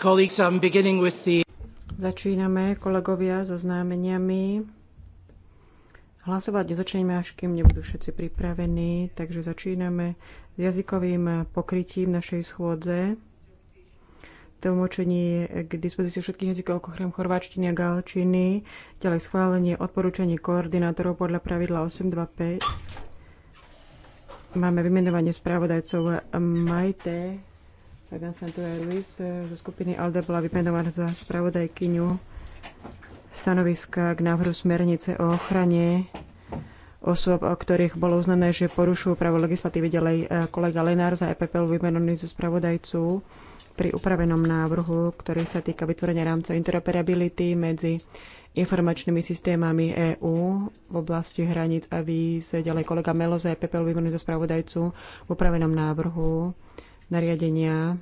Colleagues, I'm beginning with the... Začíname, kolegovia, so známeniami. Hlasovať nezačneme, až kým nebudú všetci pripravení, takže začíname s jazykovým pokrytím našej schôdze. Tlmočenie je k dispozícii všetkých jazykov okrem chorváčtiny a galčiny, ďalej schválenie odporúčaní koordinátorov podľa pravidla 825. Máme vymenovanie správodajcov Majte Sagan Santuer Luis e, zo skupiny ALDE bola vymenovaná za spravodajkyňu stanoviska k návrhu smernice o ochrane osôb, o ktorých bolo uznané, že porušujú právo legislatívy ďalej. E, kolega Lenár za EPP bol vymenovaný zo spravodajcu pri upravenom návrhu, ktorý sa týka vytvorenia rámca interoperability medzi informačnými systémami EÚ v oblasti hraníc a víz. Ďalej kolega Melo za EPP vymenovaný zo spravodajcu v upravenom návrhu nariadenia,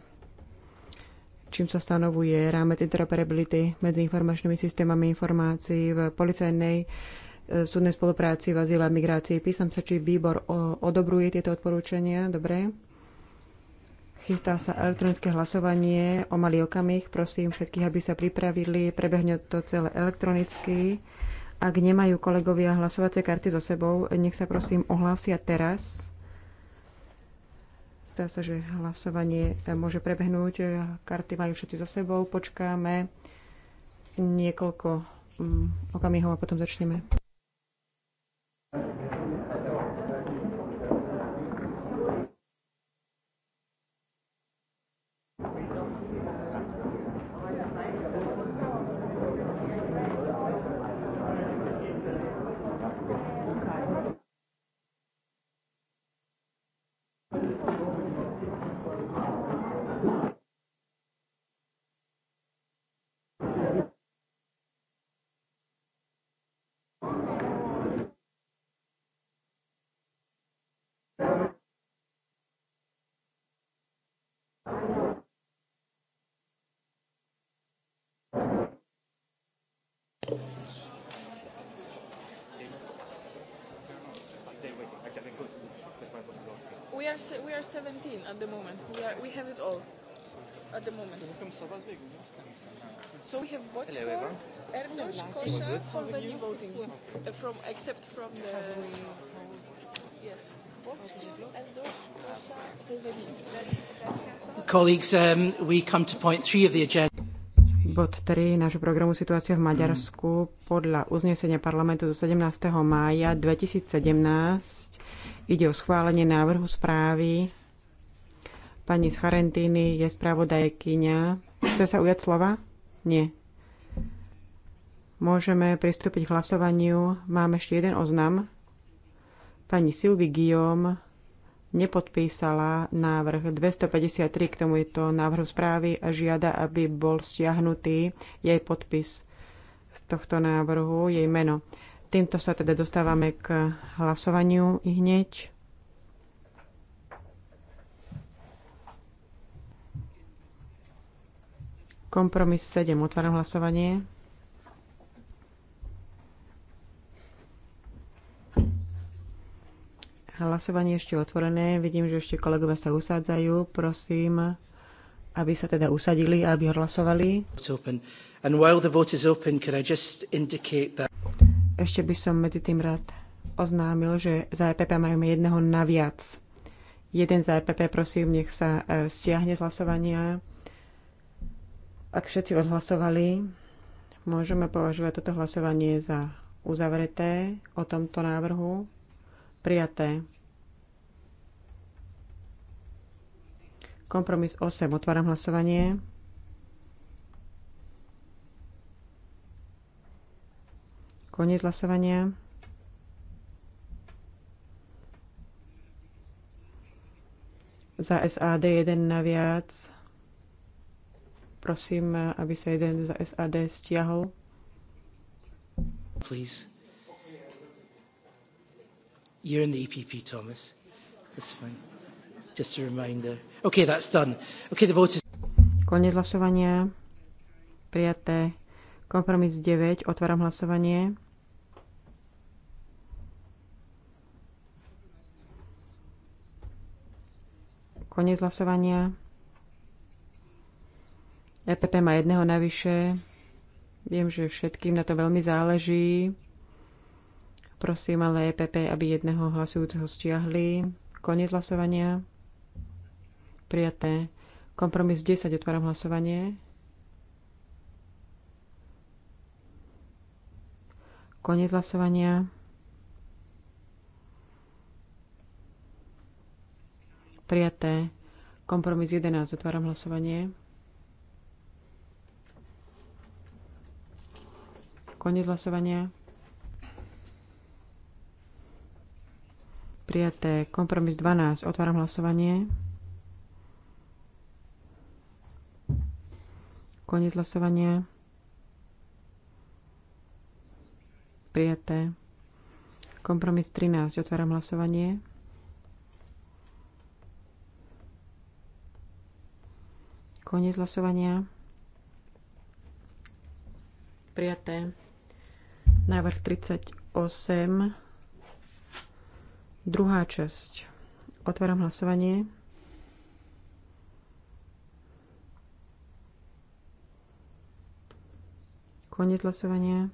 čím sa stanovuje rámec interoperability medzi informačnými systémami informácií v policajnej e, súdnej spolupráci v azyle a migrácii. Písam sa, či výbor odobruje tieto odporúčania. Dobre. Chystá sa elektronické hlasovanie o malý okamih. Prosím všetkých, aby sa pripravili. Prebehne to celé elektronicky. Ak nemajú kolegovia hlasovacie karty so sebou, nech sa prosím ohlásia teraz. Zdá sa, že hlasovanie môže prebehnúť. Karty majú všetci so sebou. Počkáme niekoľko mm, okamihov a potom začneme. we are we are 17 at the moment. We are we have it all at the moment. So we have Bochkov, Erdos, Kosha for the new voting, uh, from except from the yes. Colleagues, um, we come to point three of the agenda. Bod 3 nášho programu Situácia v Maďarsku podľa uznesenia parlamentu zo 17. mája 2017 Ide o schválenie návrhu správy. Pani z Charentíny je spravodajkyňa. Chce sa ujať slova? Nie. Môžeme pristúpiť k hlasovaniu. Mám ešte jeden oznam. Pani Silvi Guillaume nepodpísala návrh 253 k tomuto návrhu správy a žiada, aby bol stiahnutý jej podpis z tohto návrhu, jej meno. Týmto sa teda dostávame k hlasovaniu i hneď. Kompromis 7. Otváram hlasovanie. Hlasovanie ešte otvorené. Vidím, že ešte kolegovia sa usádzajú. Prosím, aby sa teda usadili a aby hlasovali. Ešte by som medzi tým rád oznámil, že za EPP majúme jedného naviac. Jeden za EPP, prosím, nech sa e, stiahne z hlasovania. Ak všetci odhlasovali, môžeme považovať toto hlasovanie za uzavreté o tomto návrhu. Prijaté. Kompromis 8. Otváram hlasovanie. Koniec hlasovania. Za SAD jeden na viac. Prosím, aby sa jeden za SAD stiahol. Please. You're in the EPP, Thomas. That's fine. Just a reminder. Okay, that's done. Okay, the vote is... Konec hlasovania. Prijaté. Kompromis 9. Otváram hlasovanie. Koniec hlasovania. EPP má jedného navyše. Viem, že všetkým na to veľmi záleží. Prosím ale EPP, aby jedného hlasujúceho stiahli. Koniec hlasovania. Prijaté. Kompromis 10. Otváram hlasovanie. Koniec hlasovania. Prijaté. Kompromis 11. Otváram hlasovanie. Koniec hlasovania. Prijaté. Kompromis 12. Otváram hlasovanie. Koniec hlasovania. Prijaté. Kompromis 13. Otváram hlasovanie. Koniec hlasovania. Prijaté. Návrh 38. Druhá časť. Otváram hlasovanie. Koniec hlasovania.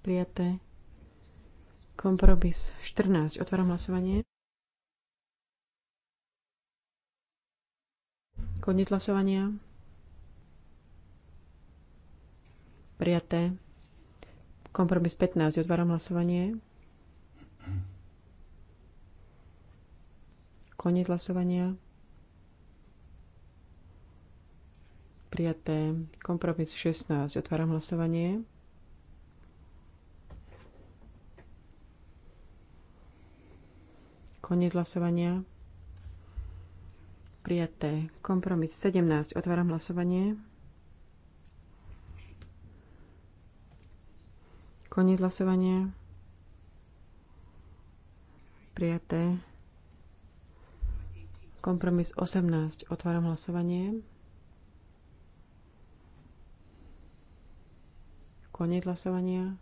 Prijaté. Kompromis 14. Otváram hlasovanie. Koniec hlasovania. Prijaté. Kompromis 15. Otváram hlasovanie. Koniec hlasovania. Prijaté. Kompromis 16. Otváram hlasovanie. Koniec hlasovania. Prijaté. Kompromis 17. Otváram hlasovanie. Koniec hlasovania. Prijaté. Kompromis 18. Otváram hlasovanie. Koniec hlasovania.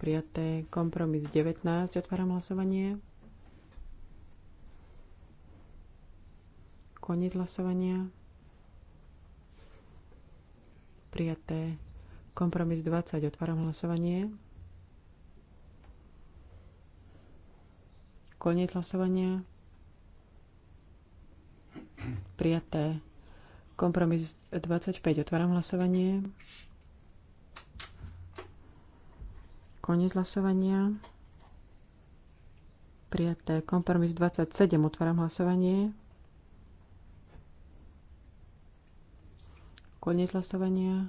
Prijaté. Kompromis 19. Otváram hlasovanie. Koniec hlasovania. Prijaté. Kompromis 20. Otváram hlasovanie. Koniec hlasovania. Prijaté. Kompromis 25. Otváram hlasovanie. Koniec hlasovania. Prijaté. Kompromis 27. Otváram hlasovanie. Koniec hlasovania.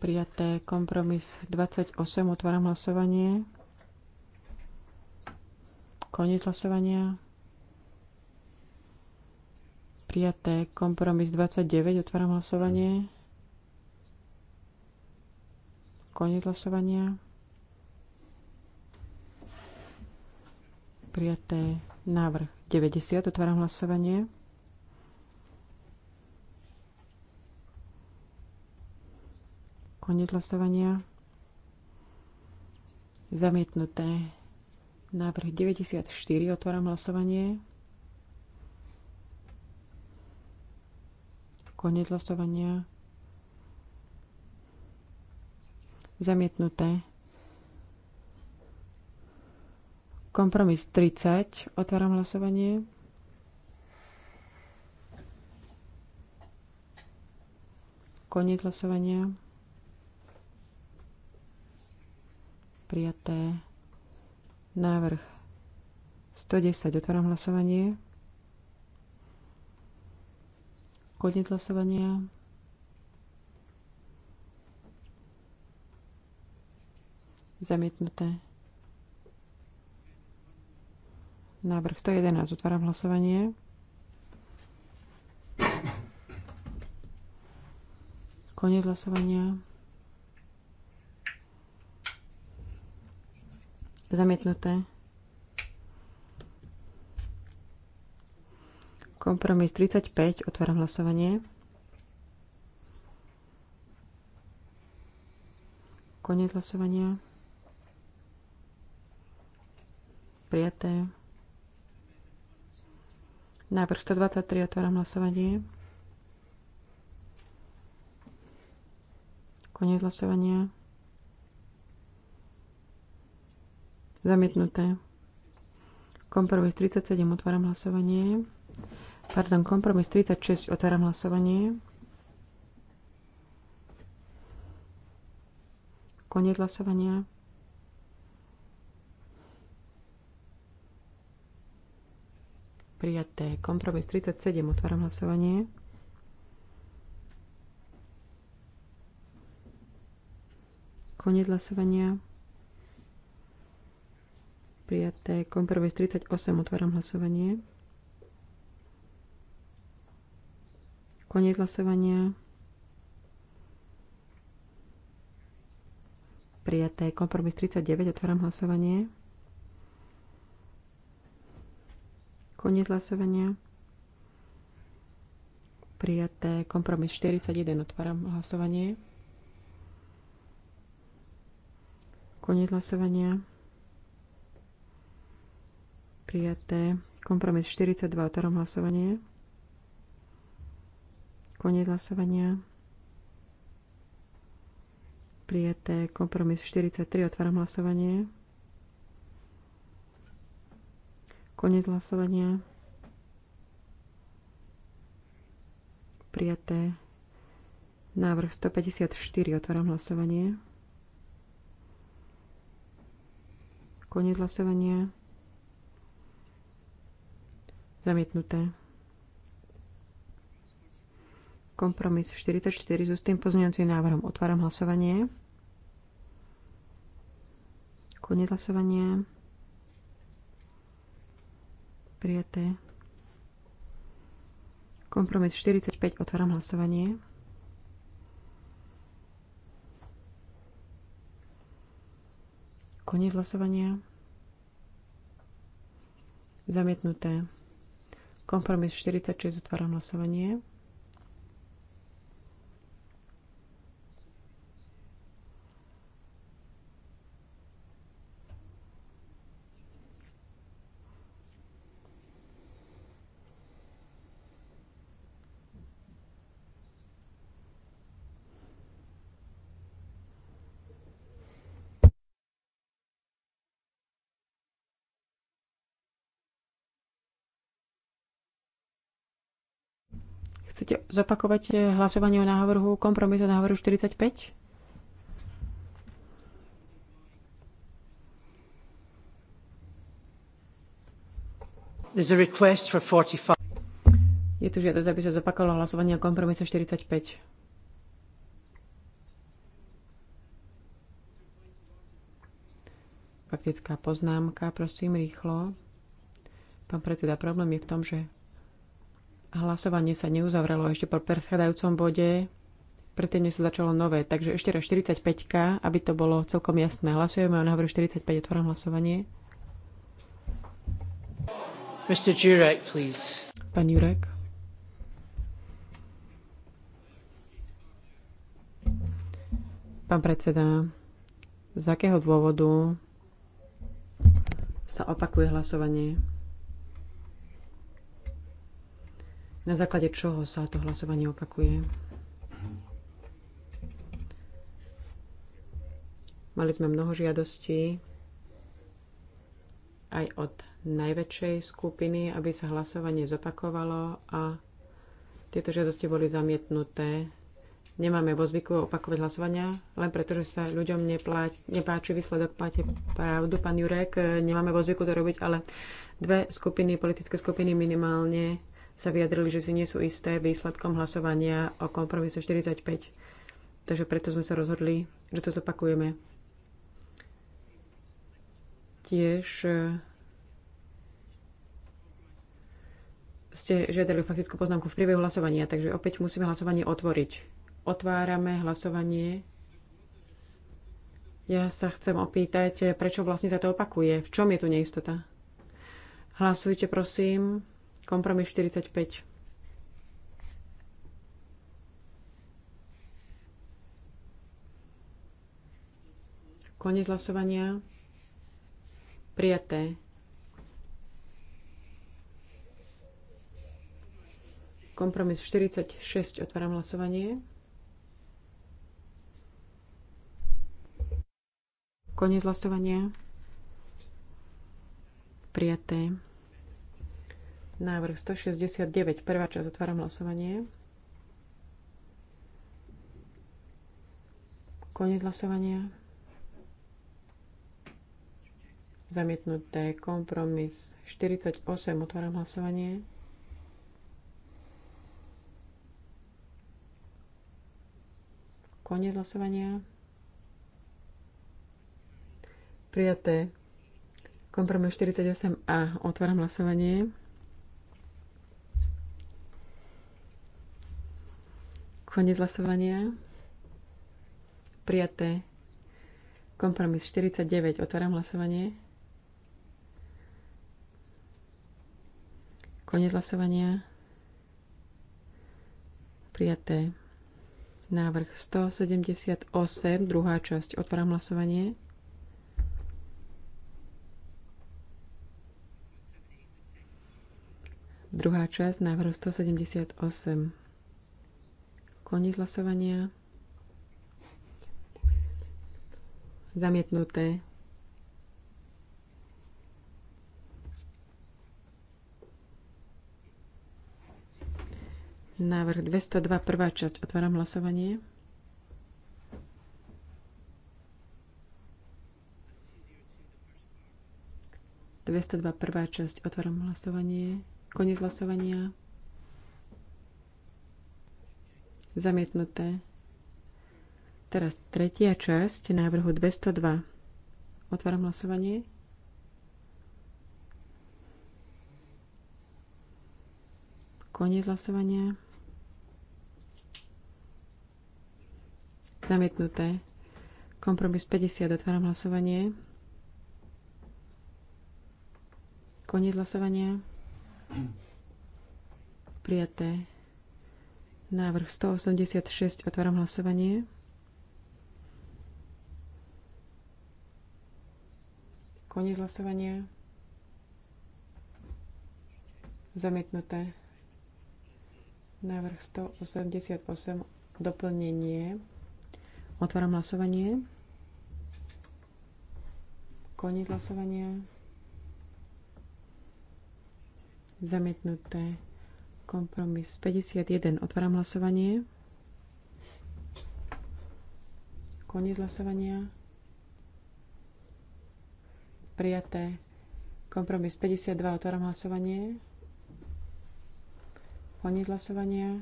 Prijaté kompromis 28. Otváram hlasovanie. Koniec hlasovania. Prijaté kompromis 29. Otváram hlasovanie. Koniec hlasovania. Prijaté návrh 90. Otváram hlasovanie. Koniec hlasovania. Zamietnuté. Návrh 94. Otváram hlasovanie. Koniec hlasovania. Zamietnuté. Kompromis 30. Otváram hlasovanie. Koniec hlasovania. prijaté. Návrh 110. Otváram hlasovanie. Koniec hlasovania. Zamietnuté. Návrh 111. Otváram hlasovanie. Koniec hlasovania. Zamietnuté. Kompromis 35. Otváram hlasovanie. Koniec hlasovania. Prijaté. Návrh 123. Otváram hlasovanie. Koniec hlasovania. Zamietnuté. Kompromis 37. Otváram hlasovanie. Pardon, kompromis 36. Otváram hlasovanie. Koniec hlasovania. Prijaté. Kompromis 37. Otváram hlasovanie. Koniec hlasovania. Prijaté. Kompromis 38. Otváram hlasovanie. Koniec hlasovania. Prijaté. Kompromis 39. Otváram hlasovanie. Koniec hlasovania. Prijaté. Kompromis 41. Otváram hlasovanie. Koniec hlasovania. Prijaté. Kompromis 42, otváram hlasovanie. Koniec hlasovania. Prijaté. Kompromis 43, otváram hlasovanie. Koniec hlasovania. Prijaté. Návrh 154. Otváram hlasovanie. Koniec hlasovania. Zamietnuté. Kompromis 44 so s tým pozňujúcim návrhom. Otváram hlasovanie. Koniec hlasovania. Prijaté. Kompromis 45. Otváram hlasovanie. Koniec hlasovania. Zamietnuté. Kompromis 46, otváram hlasovanie. Chcete zopakovať hlasovanie o návrhu kompromisu návrhu 45? There's a request for 45. Je tu žiadosť, aby sa zopakovalo hlasovanie o kompromise 45. Faktická poznámka, prosím, rýchlo. Pán predseda, problém je v tom, že Hlasovanie sa neuzavrelo ešte po predchádzajúcom bode, predtým sa začalo nové. Takže ešte raz 45, aby to bolo celkom jasné. Hlasujeme o návrhu 45, otváram hlasovanie. Mr. Jurek, please. Pán Jurek. Pán predseda, z akého dôvodu sa opakuje hlasovanie? na základe čoho sa to hlasovanie opakuje. Mali sme mnoho žiadostí aj od najväčšej skupiny, aby sa hlasovanie zopakovalo a tieto žiadosti boli zamietnuté. Nemáme vo zvyku opakovať hlasovania, len preto, že sa ľuďom nepláč, nepáči výsledok, máte pravdu, pán Jurek, nemáme vo zvyku to robiť, ale dve skupiny, politické skupiny minimálne sa vyjadrili, že si nie sú isté výsledkom hlasovania o kompromise 45. Takže preto sme sa rozhodli, že to zopakujeme. Tiež eh, ste žiadali faktickú poznámku v priebehu hlasovania, takže opäť musíme hlasovanie otvoriť. Otvárame hlasovanie. Ja sa chcem opýtať, eh, prečo vlastne sa to opakuje? V čom je tu neistota? Hlasujte, prosím. Kompromis 45. Koniec hlasovania. Prijaté. Kompromis 46. Otváram hlasovanie. Koniec hlasovania. Prijaté. Návrh 169, prvá časť, otváram hlasovanie. Koniec hlasovania. Zamietnuté kompromis 48, otváram hlasovanie. Koniec hlasovania. Prijaté. Kompromis 48a. Otváram hlasovanie. Konec hlasovania. Prijaté. Kompromis 49. Otváram hlasovanie. Konec hlasovania. Prijaté. Návrh 178, druhá časť. Otváram hlasovanie. Druhá časť návrh 178. Koniec hlasovania. Zamietnuté. Návrh 202, prvá časť. Otváram hlasovanie. dva, prvá časť. Otváram hlasovanie. Koniec hlasovania. Zamietnuté. Teraz tretia časť návrhu 202. Otváram hlasovanie. Koniec hlasovania. Zamietnuté. Kompromis 50. Otváram hlasovanie. Koniec hlasovania. Prijaté. Návrh 186. Otváram hlasovanie. Koniec hlasovania. Zamietnuté. Návrh 188. Doplnenie. Otváram hlasovanie. Koniec hlasovania. Zamietnuté. Kompromis 51. Otváram hlasovanie. Koniec hlasovania. Prijaté. Kompromis 52. Otváram hlasovanie. Koniec hlasovania.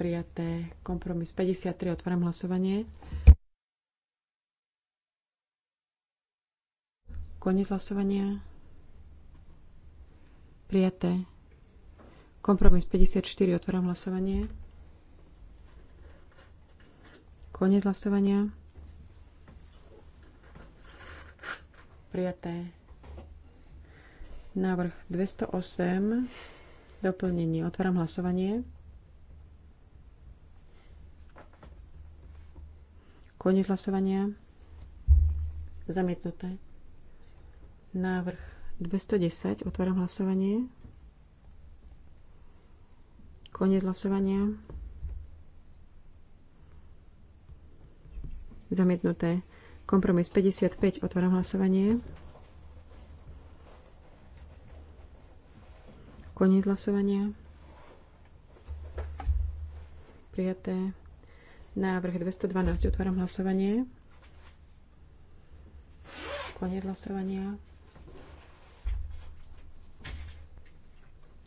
Prijaté. Kompromis 53. Otváram hlasovanie. Koniec hlasovania. Prijaté. Kompromis 54. Otváram hlasovanie. Koniec hlasovania. Prijaté. Návrh 208. Doplnenie. Otváram hlasovanie. Koniec hlasovania. Zamietnuté. Návrh 210. Otváram hlasovanie. Koniec hlasovania. Zamietnuté. Kompromis 55. Otváram hlasovanie. Koniec hlasovania. Prijaté. Návrh 212. Otváram hlasovanie. Koniec hlasovania.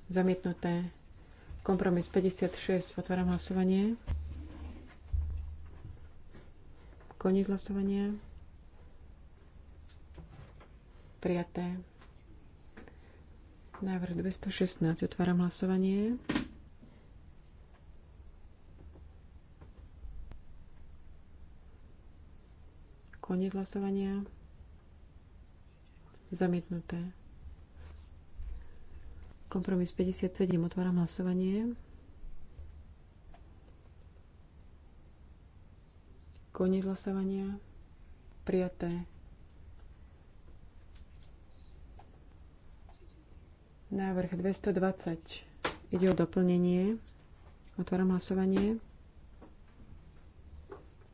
Zamietnuté. Kompromis 56. Otváram hlasovanie. Koniec hlasovania. Prijaté. Návrh 216. Otváram hlasovanie. Koniec hlasovania. Zamietnuté. Kompromis 57. Otváram hlasovanie. Koniec hlasovania. Prijaté. Návrh 220. Ide o doplnenie. Otváram hlasovanie.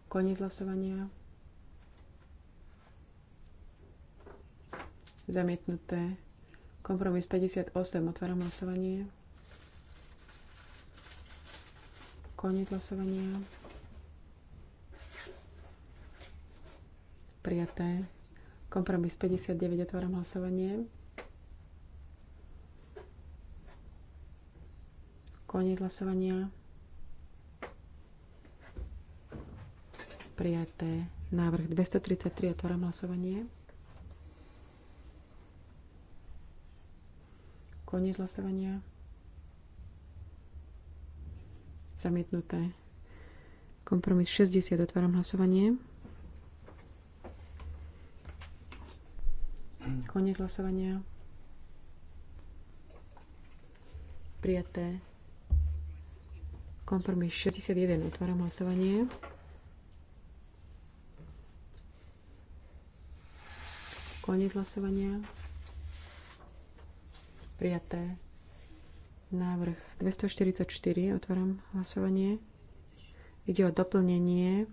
Koniec hlasovania. Zamietnuté. Kompromis 58. Otváram hlasovanie. Koniec hlasovania. Prijaté. Kompromis 59. Otváram hlasovanie. Koniec hlasovania. Prijaté. Návrh 233. Otváram hlasovanie. Koniec hlasovania. Zamietnuté. Kompromis 60. Otváram hlasovanie. Koniec hlasovania. Prijaté. Kompromis 61. Otváram hlasovanie. Koniec hlasovania. Prijaté. Návrh 244. Otváram hlasovanie. Ide o doplnenie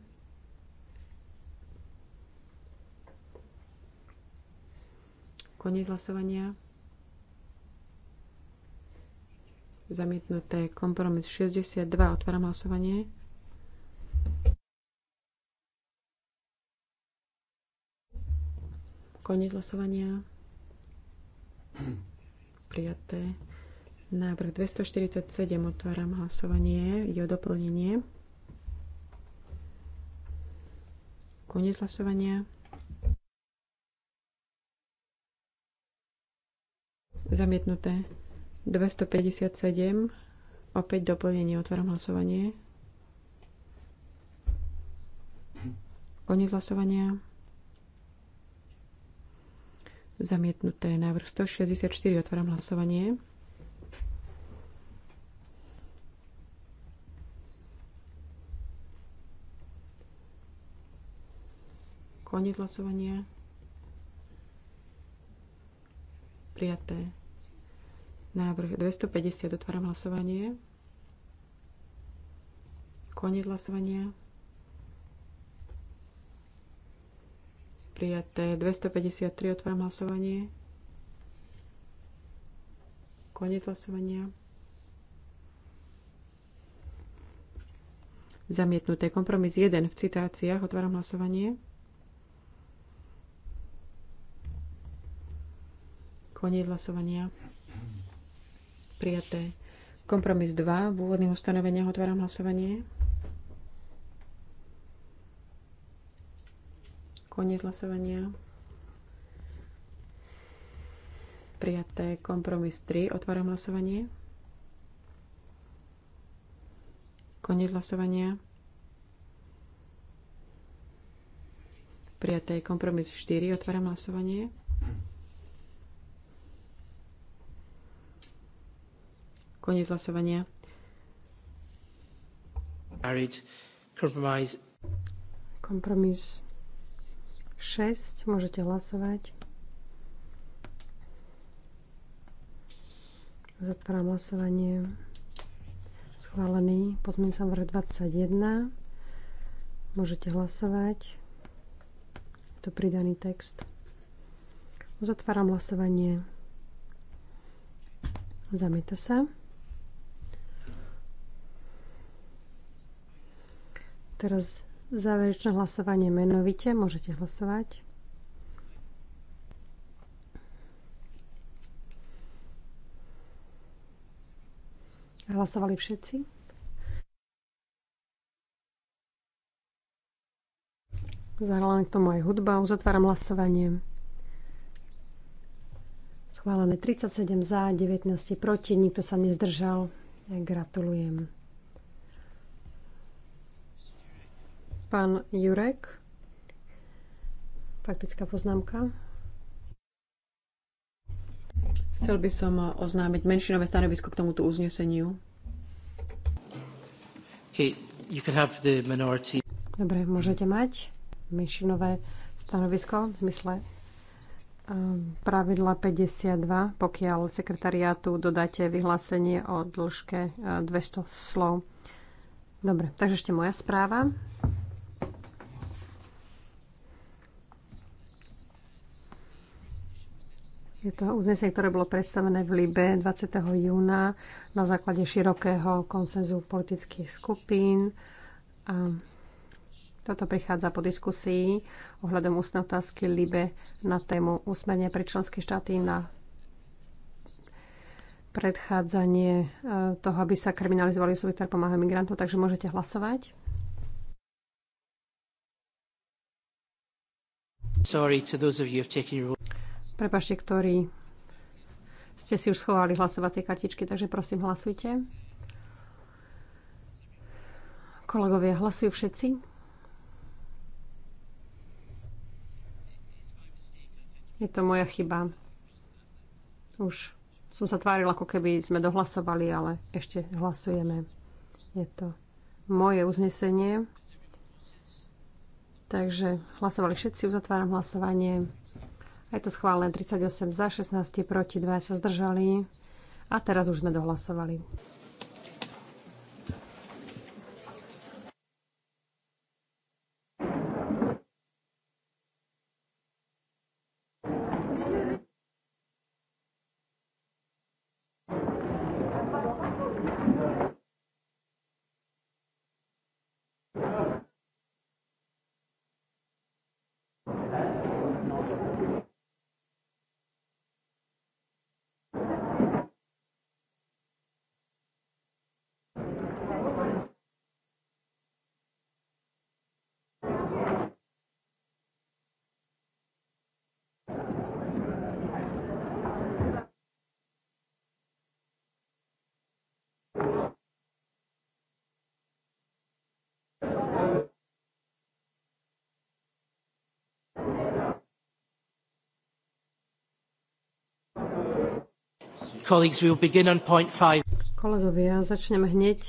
Koniec hlasovania. Zamietnuté kompromis 62. Otváram hlasovanie. Koniec hlasovania prijaté. Návrh 247, otváram hlasovanie, je o doplnenie. Koniec hlasovania. Zamietnuté. 257, opäť doplnenie, otváram hlasovanie. Koniec hlasovania. Zamietnuté. Návrh 164. Otváram hlasovanie. Koniec hlasovania. Prijaté. Návrh 250. Otváram hlasovanie. Koniec hlasovania. Prijaté 253, otváram hlasovanie. Koniec hlasovania. Zamietnuté kompromis 1 v citáciách, otváram hlasovanie. Koniec hlasovania. Prijaté. Kompromis 2 v úvodných ustanoveniach, otváram hlasovanie. Koniec hlasovania. Prijaté kompromis 3. Otváram hlasovanie. Koniec hlasovania. Prijaté kompromis 4. Otváram hlasovanie. Koniec hlasovania. Kompromis 6. Môžete hlasovať. Zatváram hlasovanie. Schválený sa vrch 21. Môžete hlasovať. Je to pridaný text. Zatváram hlasovanie. Zamieta sa. Teraz Záverečné hlasovanie menovite. Môžete hlasovať. Hlasovali všetci? Zahrala k tomu aj hudba. Uzatváram hlasovanie. Schválené 37 za, 19 proti, nikto sa nezdržal. Gratulujem. Pán Jurek, faktická poznámka. Chcel by som oznámiť menšinové stanovisko k tomuto uzneseniu. Okay, you can have the minority. Dobre, môžete mať menšinové stanovisko v zmysle ehm, pravidla 52, pokiaľ sekretariátu dodáte vyhlásenie o dĺžke 200 e, slov. Dobre, takže ešte moja správa. Je to uznesenie, ktoré bolo predstavené v Libe 20. júna na základe širokého konsenzu politických skupín. A toto prichádza po diskusii ohľadom ústnej otázky Libe na tému úsmerne pre členské štáty na predchádzanie e, toho, aby sa kriminalizovali osoby, ktoré pomáhajú migrantom, takže môžete hlasovať. Sorry to those of you who have taken your prepašte, ktorí ste si už schovali hlasovacie kartičky, takže prosím, hlasujte. Kolegovia, hlasujú všetci? Je to moja chyba. Už som sa tváril, ako keby sme dohlasovali, ale ešte hlasujeme. Je to moje uznesenie. Takže hlasovali všetci, uzatváram hlasovanie. Je to schválené 38 za, 16 proti, 2 sa zdržali. A teraz už sme dohlasovali. Kolegovia, začneme hneď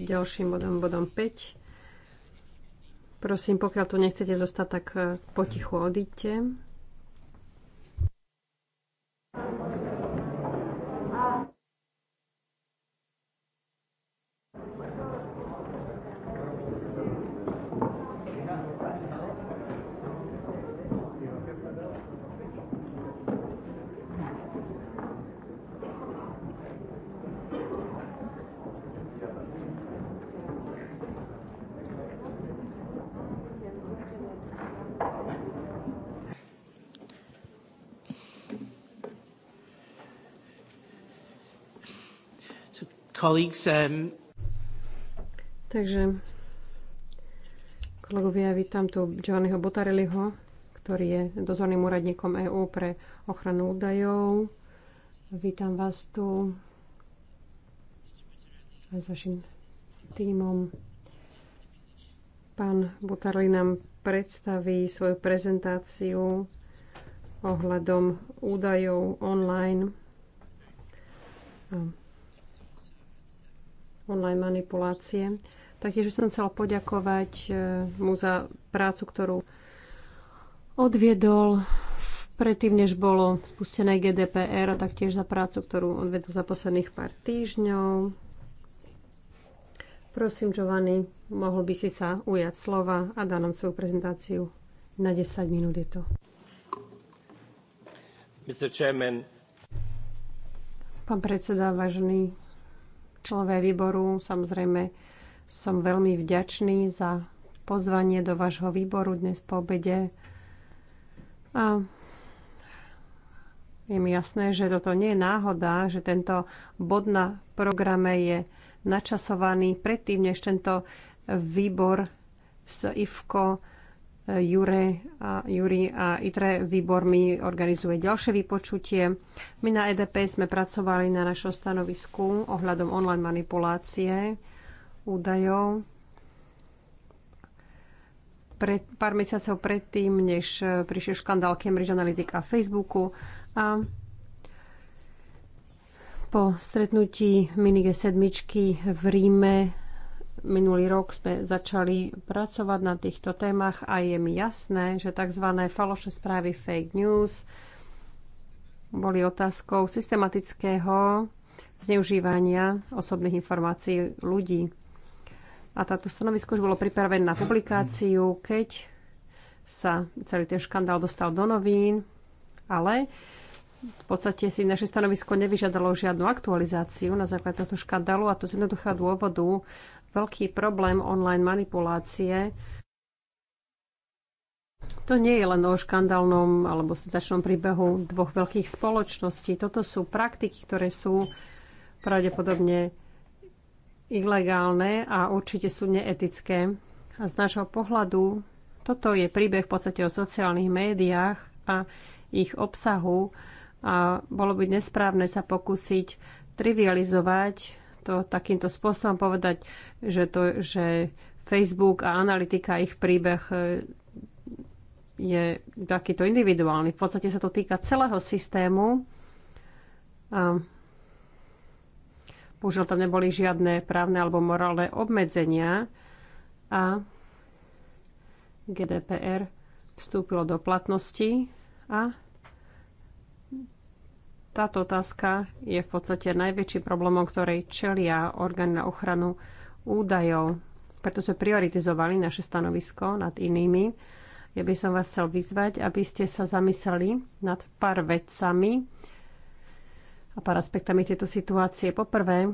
ďalším bodom, bodom 5. Prosím, pokiaľ tu nechcete zostať, tak eh, potichu odíďte. colleagues, um... Takže, kolegovia, vítam tu Giovanniho Botarelliho, ktorý je dozorným úradníkom EÚ pre ochranu údajov. Vítam vás tu s vašim týmom. Pán Butarli nám predstaví svoju prezentáciu ohľadom údajov online. A online manipulácie. Taktiež som chcela poďakovať e, mu za prácu, ktorú odviedol predtým, než bolo spustené GDPR a taktiež za prácu, ktorú odvedol za posledných pár týždňov. Prosím, Giovanni, mohol by si sa ujať slova a dá nám svoju prezentáciu. Na 10 minút je to. Mr. Chairman. Pán predseda, vážení členové výboru. Samozrejme, som veľmi vďačný za pozvanie do vášho výboru dnes po obede. A je mi jasné, že toto nie je náhoda, že tento bod na programe je načasovaný predtým, než tento výbor z IFKO Jure a, Juri a ITRE mi organizuje ďalšie vypočutie. My na EDP sme pracovali na našom stanovisku ohľadom online manipulácie údajov. Pred, pár mesiacov predtým, než e, prišiel škandál Cambridge Analytica a Facebooku a po stretnutí Minige sedmičky v Ríme Minulý rok sme začali pracovať na týchto témach a je mi jasné, že tzv. falošné správy fake news boli otázkou systematického zneužívania osobných informácií ľudí. A táto stanovisko už bolo pripravené na publikáciu, keď sa celý ten škandál dostal do novín, ale v podstate si naše stanovisko nevyžiadalo žiadnu aktualizáciu na základe tohto škandálu a to z jednoduchého dôvodu, veľký problém online manipulácie. To nie je len o škandálnom alebo sezačnom príbehu dvoch veľkých spoločností. Toto sú praktiky, ktoré sú pravdepodobne ilegálne a určite sú neetické. A z nášho pohľadu toto je príbeh v podstate o sociálnych médiách a ich obsahu a bolo by nesprávne sa pokúsiť trivializovať to takýmto spôsobom povedať, že, to, že Facebook a analytika, ich príbeh e, je takýto individuálny. V podstate sa to týka celého systému. Požiaľ bohužiaľ tam neboli žiadne právne alebo morálne obmedzenia a GDPR vstúpilo do platnosti a táto otázka je v podstate najväčším problémom, ktorej čelia orgány na ochranu údajov. Preto sme prioritizovali naše stanovisko nad inými. Ja by som vás chcel vyzvať, aby ste sa zamysleli nad pár vecami a pár aspektami tejto situácie. Poprvé,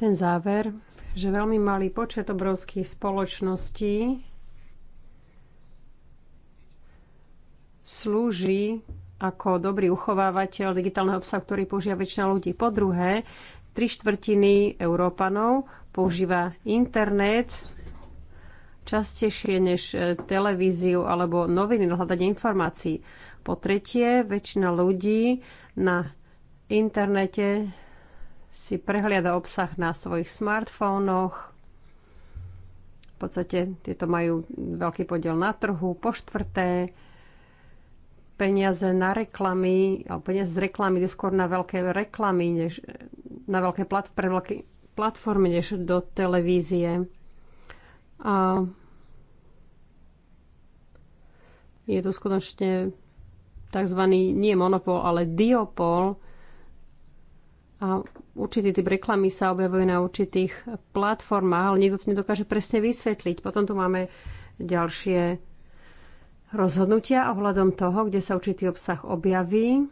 ten záver, že veľmi malý počet obrovských spoločností slúži ako dobrý uchovávateľ digitálneho obsahu, ktorý používa väčšina ľudí. Po druhé, tri štvrtiny Európanov používa internet častejšie než e, televíziu alebo noviny na hľadanie informácií. Po tretie, väčšina ľudí na internete si prehliada obsah na svojich smartfónoch, v podstate tieto majú veľký podiel na trhu. Po štvrté, peniaze na reklamy, alebo peniaze z reklamy, skôr na veľké reklamy, než na veľké, plat, pre veľké platformy, než do televízie. A je to skutočne tzv. nie monopol, ale diopol. A určitý typ reklamy sa objavuje na určitých platformách, ale niekto to nedokáže presne vysvetliť. Potom tu máme ďalšie rozhodnutia ohľadom toho, kde sa určitý obsah objaví.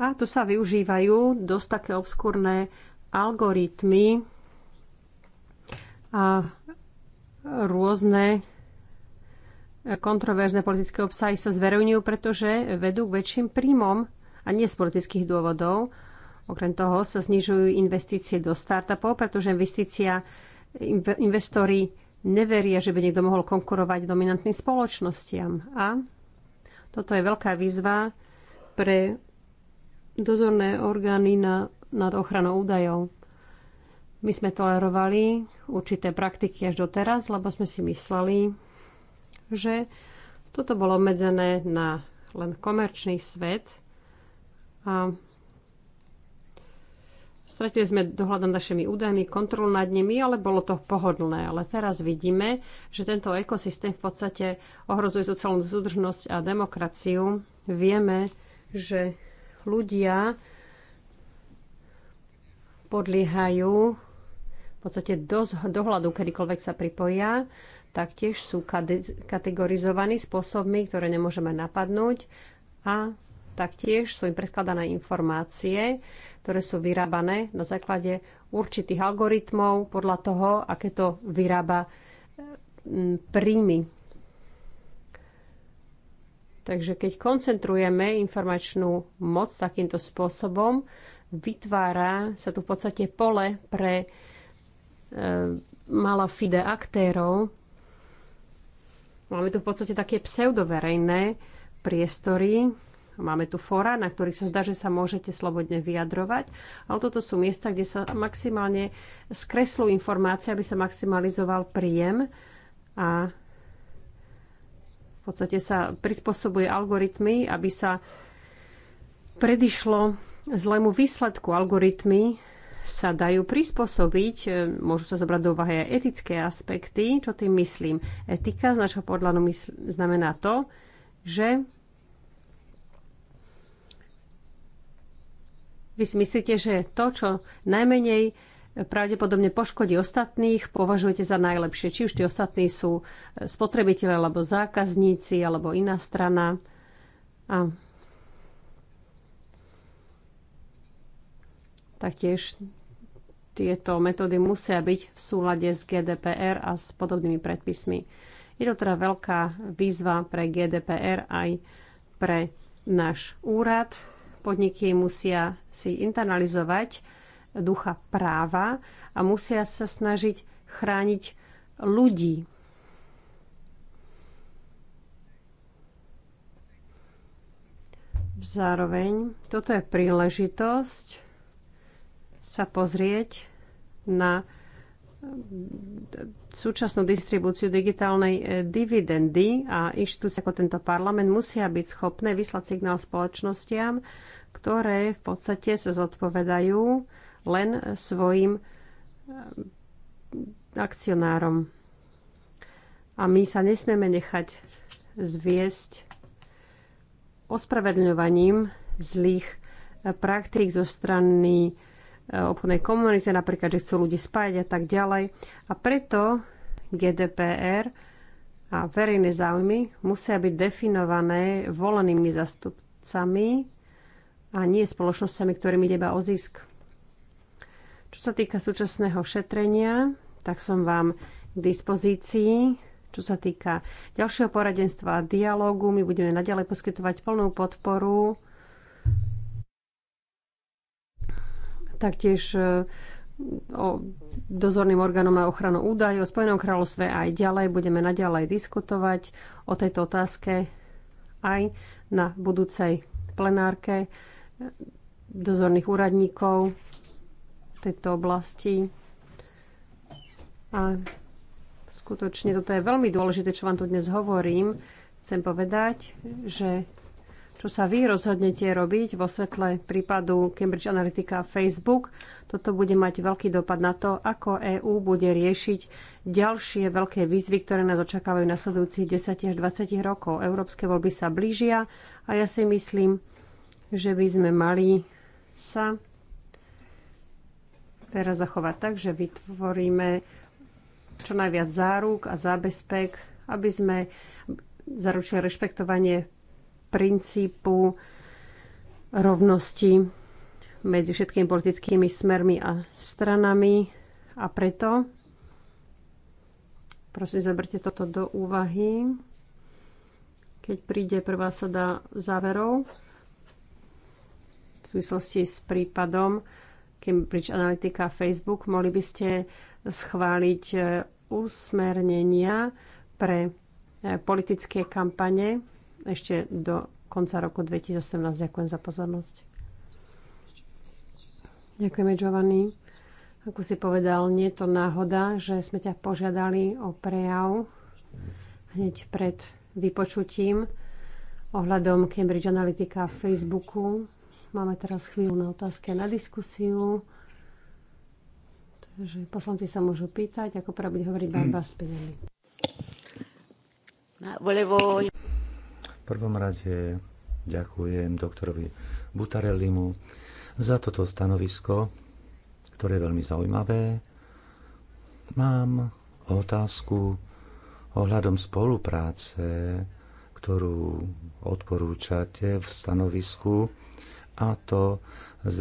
A tu sa využívajú dosť také obskúrne algoritmy a rôzne kontroverzné politické obsahy sa zverejňujú, pretože vedú k väčším príjmom a nie z politických dôvodov. Okrem toho sa znižujú investície do startupov, pretože investícia, investori neveria, že by niekto mohol konkurovať dominantným spoločnostiam. A toto je veľká výzva pre dozorné orgány na, nad ochranou údajov. My sme tolerovali určité praktiky až doteraz, lebo sme si mysleli, že toto bolo obmedzené na len komerčný svet a Stretili sme dohľad našimi údajmi, kontrolu nad nimi, ale bolo to pohodlné. Ale teraz vidíme, že tento ekosystém v podstate ohrozuje sociálnu súdržnosť a demokraciu. Vieme, že ľudia podliehajú v podstate dohľadu, kedykoľvek sa pripoja, taktiež sú kategorizovaní spôsobmi, ktoré nemôžeme napadnúť a taktiež sú im predkladané informácie, ktoré sú vyrábané na základe určitých algoritmov podľa toho, aké to vyrába e, príjmy. Takže keď koncentrujeme informačnú moc takýmto spôsobom, vytvára sa tu v podstate pole pre e, mala fide aktérov. Máme tu v podstate také pseudoverejné priestory, Máme tu fora, na ktorých sa zdá, že sa môžete slobodne vyjadrovať, ale toto sú miesta, kde sa maximálne skreslú informácie, aby sa maximalizoval príjem a v podstate sa prispôsobuje algoritmy, aby sa predišlo zlému výsledku. Algoritmy sa dajú prispôsobiť, e, môžu sa zobrať do úvahy aj etické aspekty. Čo tým myslím? Etika z našho podľadu znamená to, že Vy si myslíte, že to, čo najmenej pravdepodobne poškodí ostatných, považujete za najlepšie. Či už tí ostatní sú e, spotrebitelia, alebo zákazníci, alebo iná strana. A taktiež tieto metódy musia byť v súlade s GDPR a s podobnými predpismi. Je to teda veľká výzva pre GDPR aj pre náš úrad. Podniky musia si internalizovať ducha práva a musia sa snažiť chrániť ľudí. Zároveň toto je príležitosť sa pozrieť na súčasnú distribúciu digitálnej e, dividendy a inštitúcie ako tento parlament musia byť schopné vyslať signál spoločnostiam, ktoré v podstate sa zodpovedajú len svojim e, akcionárom. A my sa nesmieme nechať zviesť ospravedlňovaním zlých e, praktík zo strany Eh, obchodnej komunity, napríklad, že chcú ľudí spájať a tak ďalej. A preto GDPR a verejné záujmy musia byť definované volenými zastupcami a nie spoločnosťami, ktorými ide iba o zisk. Čo sa týka súčasného šetrenia, tak som vám k dispozícii. Čo sa týka ďalšieho poradenstva a dialógu, my budeme naďalej poskytovať plnú podporu taktiež e, o dozorným orgánom na ochranu údajov o Spojenom kráľovstve aj ďalej. Budeme naďalej diskutovať o tejto otázke aj na budúcej plenárke dozorných úradníkov tejto oblasti. A skutočne toto je veľmi dôležité, čo vám tu dnes hovorím. Chcem povedať, že čo sa vy rozhodnete robiť vo svetle prípadu Cambridge Analytica a Facebook. Toto bude mať veľký dopad na to, ako EÚ bude riešiť ďalšie veľké výzvy, ktoré nás očakávajú na sledujúcich 10 až 20 rokov. Európske voľby sa blížia a ja si myslím, že by sme mali sa teraz zachovať tak, že vytvoríme čo najviac záruk a zábezpek, aby sme zaručili rešpektovanie princípu rovnosti medzi všetkými politickými smermi a stranami a preto prosím, zoberte toto do úvahy, keď príde prvá sada záverov v súvislosti s prípadom Cambridge Analytica Facebook, mohli by ste schváliť eh, usmernenia pre eh, politické kampane ešte do konca roku 2018. Ďakujem za pozornosť. Ďakujeme, Giovanni. Ako si povedal, nie je to náhoda, že sme ťa požiadali o prejav hneď pred vypočutím ohľadom Cambridge Analytica v Facebooku. Máme teraz chvíľu na otázky na diskusiu. Takže poslanci sa môžu pýtať, ako práve bude hovoriť Barbara Spinelli prvom rade ďakujem doktorovi Butarellimu za toto stanovisko, ktoré je veľmi zaujímavé. Mám otázku ohľadom spolupráce, ktorú odporúčate v stanovisku, a to s,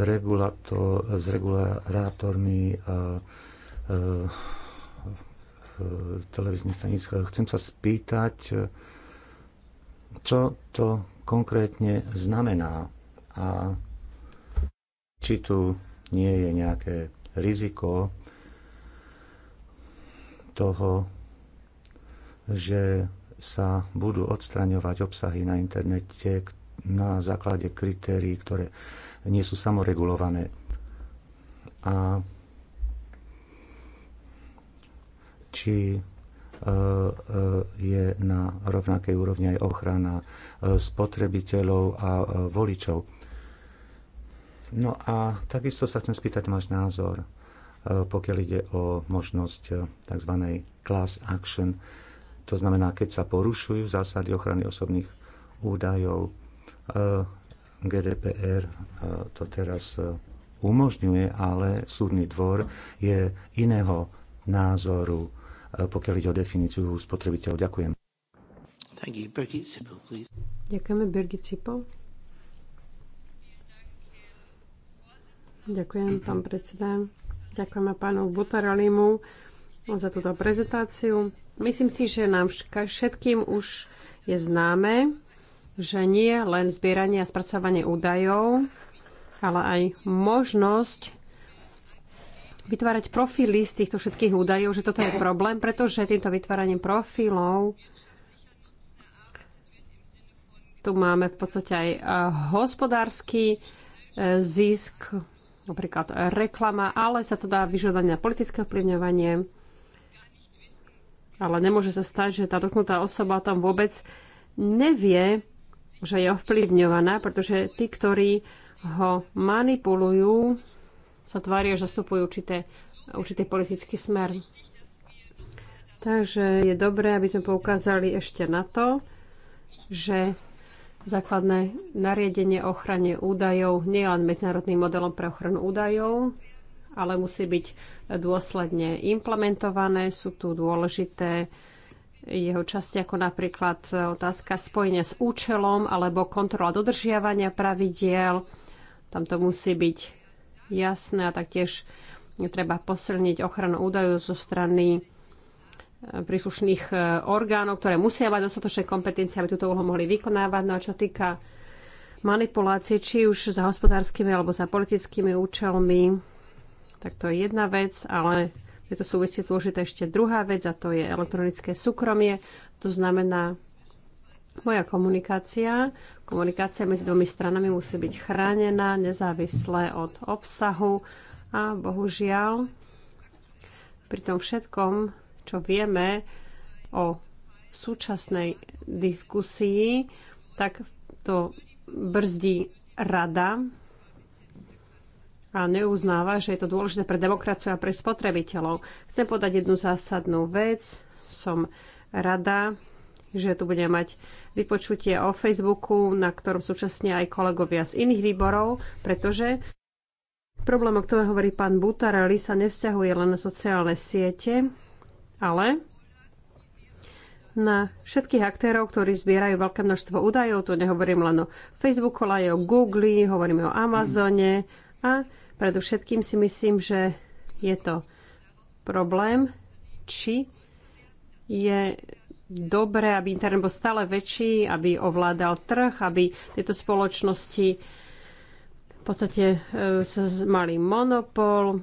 s regulátormi a, e, a, e, televíznych staníc. Chcem sa spýtať, čo to konkrétne znamená a či tu nie je nejaké riziko toho, že sa budú odstraňovať obsahy na internete na základe kritérií, ktoré nie sú samoregulované. A či E, e, je na rovnakej úrovni aj ochrana e, spotrebiteľov a voličov. No a takisto sa chcem spýtať váš názor, pokiaľ ide o možnosť tzv. class action, to znamená, keď sa porušujú zásady ochrany osobných údajov, GDPR to teraz umožňuje, ale súdny dvor je iného názoru Eh, pokiaľ ide o definíciu spotrebiteľov. Ďakujem. You, Birgit Zippel, Ďakujeme, Birgit Cipel. Ďakujem, pán predseda. Ďakujeme pánu Butaralimu za túto prezentáciu. Myslím si, že nám všetkým už je známe, že nie len zbieranie a spracovanie údajov, ale aj možnosť vytvárať profily z týchto všetkých údajov, že toto je problém, pretože týmto vytváraním profilov tu máme v podstate aj eh, hospodársky eh, zisk, napríklad reklama, ale sa to dá vyžadovať na politické vplyvňovanie. Ale nemôže sa stať, že tá dotknutá osoba tam vôbec nevie, že je ovplyvňovaná, pretože tí, ktorí ho manipulujú, sa tvária, že vstupujú určité, určitý politický smer. Takže je dobré, aby sme poukázali ešte na to, že základné nariadenie o ochrane údajov nie je len medzinárodným modelom pre ochranu údajov, ale musí byť dôsledne implementované. Sú tu dôležité jeho časti, ako napríklad otázka spojenia s účelom alebo kontrola dodržiavania pravidiel. Tam to musí byť jasné a taktiež treba posilniť ochranu údajov zo strany eh, príslušných eh, orgánov, ktoré musia mať dostatočné kompetencie, aby túto úlohu mohli vykonávať. No a čo týka manipulácie, či už za hospodárskymi alebo za politickými účelmi, tak to je jedna vec, ale je to súvisí dôležité ešte druhá vec a to je elektronické súkromie. To znamená, moja komunikácia, komunikácia medzi dvomi stranami musí byť chránená nezávisle od obsahu a bohužiaľ pri tom všetkom, čo vieme o súčasnej diskusii, tak to brzdí rada a neuznáva, že je to dôležité pre demokraciu a pre spotrebiteľov. Chcem podať jednu zásadnú vec. Som rada, že tu budeme mať vypočutie o Facebooku, na ktorom súčasne aj kolegovia z iných výborov, pretože problém, o ktorom hovorí pán Butarelli, sa nevzťahuje len na sociálne siete, ale na všetkých aktérov, ktorí zbierajú veľké množstvo údajov. Tu nehovorím len o Facebooku, ale aj o Google, hovoríme o Amazone a predovšetkým si myslím, že je to problém, či je dobré, aby internet bol stále väčší, aby ovládal trh, aby tieto spoločnosti v podstate e, mali monopol.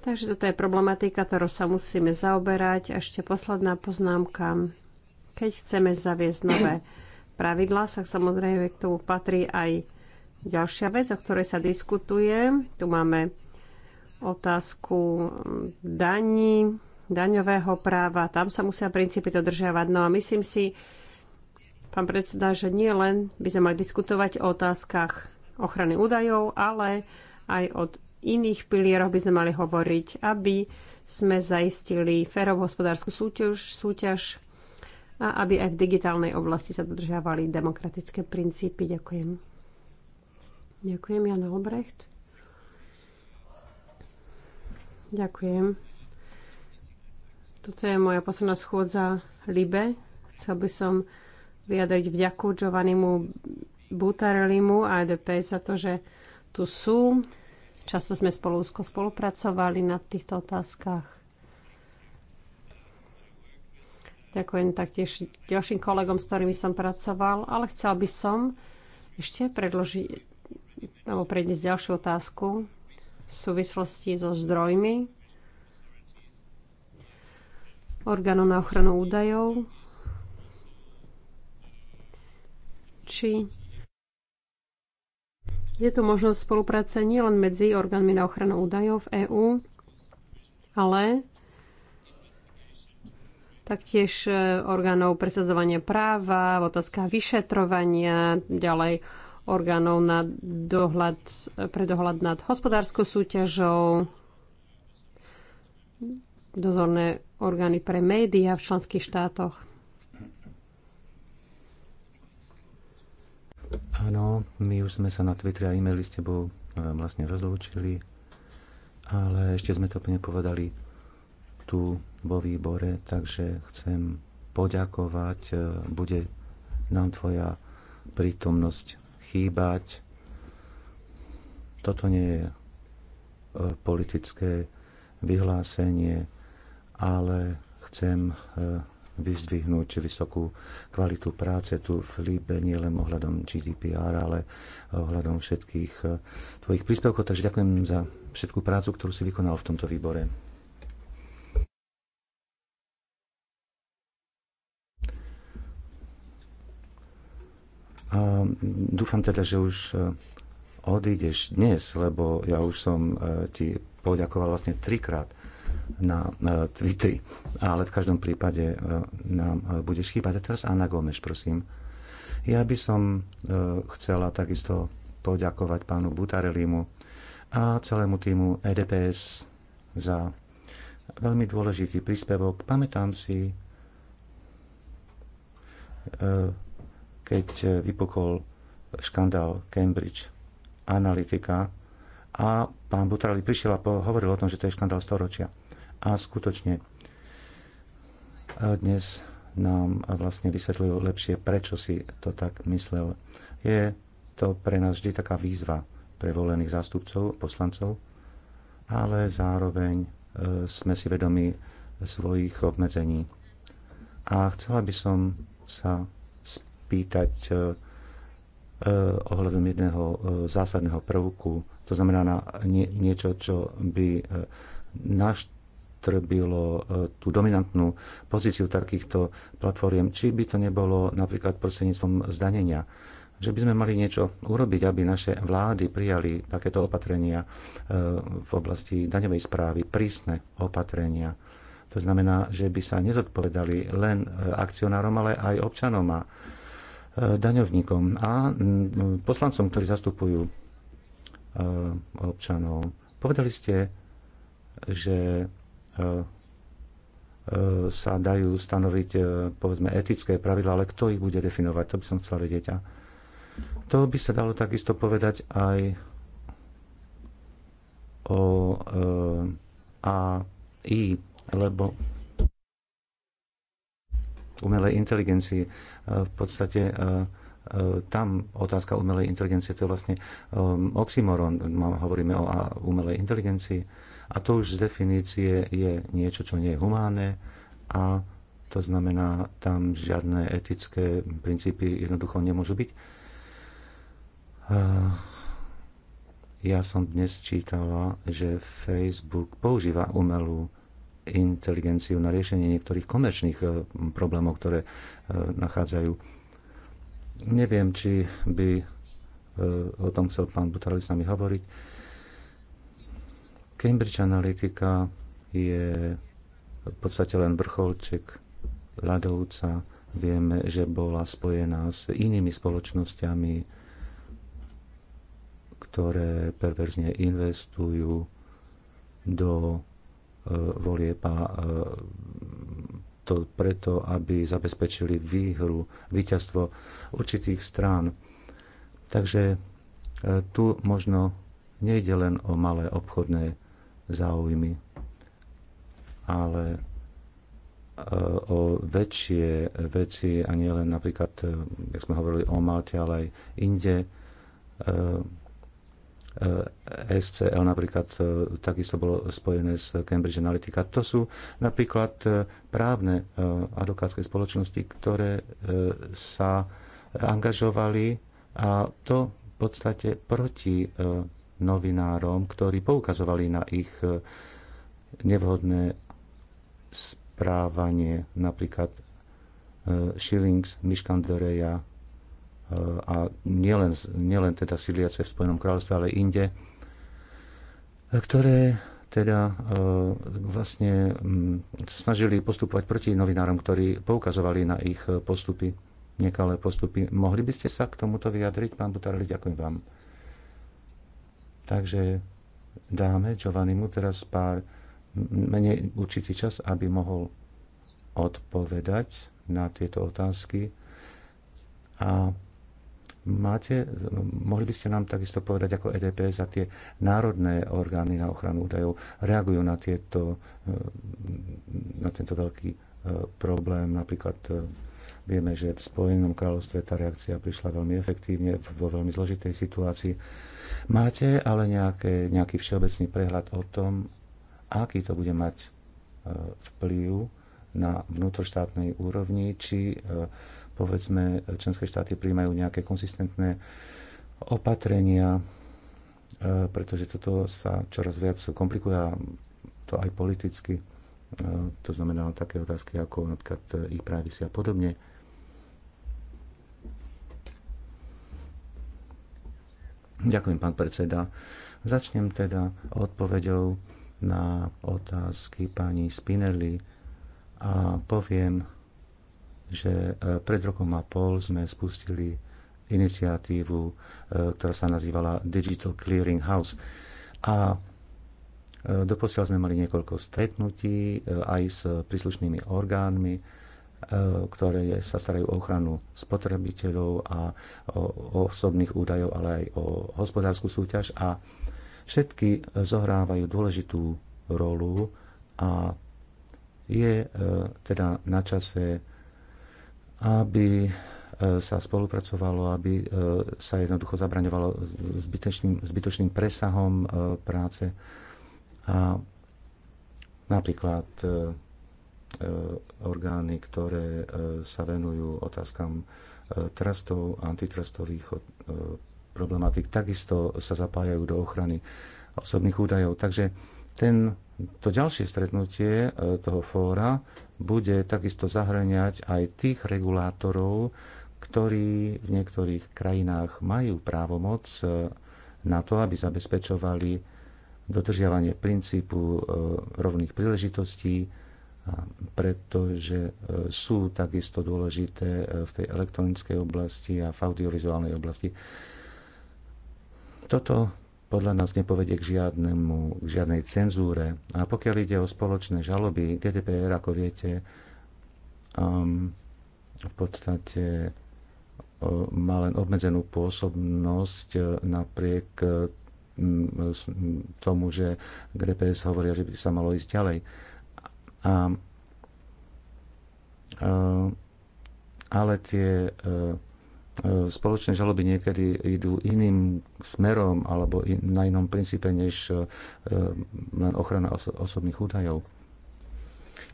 Takže toto je problematika, ktorou sa musíme zaoberať. Ešte posledná poznámka. Keď chceme zaviesť nové pravidlá, sa samozrejme k tomu patrí aj ďalšia vec, o ktorej sa diskutuje. Tu máme otázku mm, daní daňového práva, tam sa musia princípy dodržiavať. No a myslím si, pán predseda, že nie len by sme mali diskutovať o otázkach ochrany údajov, ale aj o iných pilieroch by sme mali hovoriť, aby sme zaistili férovú hospodárskú súťaž, súťaž a aby aj v digitálnej oblasti sa dodržiavali demokratické princípy. Ďakujem. Ďakujem, Jana Obrecht. Ďakujem. Toto je moja posledná schôdza Libe. Chcel by som vyjadriť vďaku Giovannimu Butarelimu a EDP za to, že tu sú. Často sme spolu spolupracovali na týchto otázkach. Ďakujem taktiež ďalším kolegom, s ktorými som pracoval, ale chcel by som ešte predložiť alebo predniesť ďalšiu otázku v súvislosti so zdrojmi orgánov na ochranu údajov, či je tu možnosť spolupráce nielen medzi orgánmi na ochranu údajov v EÚ, ale taktiež e, orgánov presadzovania práva, otázka vyšetrovania, ďalej orgánov na dohľad, pre dohľad nad hospodárskou súťažou, dozorné orgány pre médiá v členských štátoch. Áno, my už sme sa na Twitter a e-maili s tebou e, vlastne rozlúčili, ale ešte sme to nepovedali tu vo výbore, takže chcem poďakovať. E, bude nám tvoja prítomnosť chýbať. Toto nie je e, politické vyhlásenie ale chcem e, vyzdvihnúť vysokú kvalitu práce tu v Líbe, nie len ohľadom GDPR, ale ohľadom všetkých e, tvojich príspevkov. Takže ďakujem za všetkú prácu, ktorú si vykonal v tomto výbore. A dúfam teda, že už e, odídeš dnes, lebo ja už som ti poďakoval vlastne trikrát na e, Twitteri. Ale v každom prípade e, nám e, budeš chýbať. A teraz Anna Gomeš, prosím. Ja by som chcela takisto poďakovať pánu Butarelimu a celému týmu EDPS za veľmi dôležitý príspevok. Pamätám si, keď vypukol škandál Cambridge Analytica, a pán Butrali prišiel a hovoril o tom, že to je škandál storočia. A skutočne e, dnes nám vlastne vysvetľujú lepšie, prečo si to tak myslel. Je to pre nás vždy taká výzva pre volených zástupcov, poslancov, ale zároveň e, sme si vedomi svojich obmedzení. A chcela by som sa spýtať e, ohľadom jedného zásadného prvku to znamená na nie, niečo, čo by e, naštrbilo e, tú dominantnú pozíciu takýchto platform, či by to nebolo napríklad prostredníctvom zdanenia že by sme mali niečo urobiť, aby naše vlády prijali takéto opatrenia e, v oblasti daňovej správy, prísne opatrenia. To znamená, že by sa nezodpovedali len akcionárom, ale aj občanom a daňovníkom a poslancom, ktorí zastupujú Eh, občanov. Povedali ste, že eh, eh, sa dajú stanoviť povedzme etické pravidla, ale kto ich bude definovať, to by som chcela vedieť. A to by sa dalo takisto povedať aj o AI, lebo umelej inteligencii. V podstate E, tam otázka umelej inteligencie, to je vlastne um, oxymoron, hovoríme o umelej inteligencii. A to už z definície je niečo, čo nie je humánne a to znamená, tam žiadne etické princípy jednoducho nemôžu byť. E, ja som dnes čítala, že Facebook používa umelú inteligenciu na riešenie niektorých komerčných e, problémov, ktoré nachádzajú Neviem, či by e, o tom chcel pán Butarli s nami hovoriť. Cambridge Analytica je v podstate len vrcholček ľadovca. Vieme, že bola spojená s inými spoločnosťami, ktoré perverzne investujú do e, volieb a e, to preto, aby zabezpečili výhru, víťazstvo určitých strán. Takže e, tu možno nejde len o malé obchodné záujmy, ale e, o väčšie veci a nielen len napríklad, e, jak sme hovorili o Malte, ale aj inde E, SCL napríklad e, takisto bolo spojené s Cambridge Analytica. To sú napríklad e, právne advokátske spoločnosti, ktoré sa angažovali a to v podstate proti novinárom, ktorí poukazovali na ich nevhodné správanie, napríklad Schillings, Miškandoreja a nielen, nielen teda sídliace v Spojenom kráľovstve, ale inde, ktoré teda e, vlastne mm, snažili postupovať proti novinárom, ktorí poukazovali na ich postupy, nekalé postupy. Mohli by ste sa k tomuto vyjadriť, pán Butarli? Ďakujem vám. Takže dáme mu teraz pár menej určitý čas, aby mohol odpovedať na tieto otázky. A Máte, mohli by ste nám takisto povedať, ako EDP za tie národné orgány na ochranu údajov reagujú na, tieto, eh, na tento veľký eh, problém. Napríklad eh, vieme, že v Spojenom kráľovstve tá reakcia prišla veľmi efektívne vo veľmi zložitej situácii. Máte ale nejaké, nejaký všeobecný prehľad o tom, aký to bude mať vplyv na vnútroštátnej úrovni, či povedzme, členské štáty príjmajú nejaké konsistentné opatrenia, e, pretože toto sa čoraz viac komplikuje a to aj politicky. E, to znamená také otázky ako napríklad ich privacy a podobne. Ďakujem, pán predseda. Začnem teda odpovedou na otázky pani Spinelli a poviem že e, pred rokom a pol sme spustili iniciatívu, e, ktorá sa nazývala Digital Clearing House. A e, doposiaľ sme mali niekoľko stretnutí aj s príslušnými orgánmi, ktoré sa starajú o ochranu spotrebiteľov a o osobných údajov, ale aj o hospodárskú súťaž. A všetky zohrávajú dôležitú rolu a je teda na čase aby e, sa spolupracovalo, aby e, sa jednoducho zabraňovalo zbytočným, zbytočným presahom e, práce. A napríklad orgány, ktoré sa venujú otázkam trastov, antitrastových problematik, takisto sa zapájajú do ochrany osobných údajov. Takže ten to ďalšie stretnutie e, toho fóra bude takisto zahraniať aj tých regulátorov, ktorí v niektorých krajinách majú právomoc e, na to, aby zabezpečovali dodržiavanie princípu e, rovných príležitostí, pretože sú takisto dôležité v tej elektronickej oblasti a v audiovizuálnej oblasti. Toto podľa nás nepovedie k, žiadnemu, k žiadnej cenzúre. A pokiaľ ide o spoločné žaloby, GDPR, ako viete, um, v podstate um, má len obmedzenú pôsobnosť e, napriek um, tomu, že GDPS hovoria, že by sa malo ísť ďalej. A, um, ale tie uh, E, spoločné žaloby niekedy idú iným smerom alebo na inom princípe než e, len ochrana oso- osobných údajov.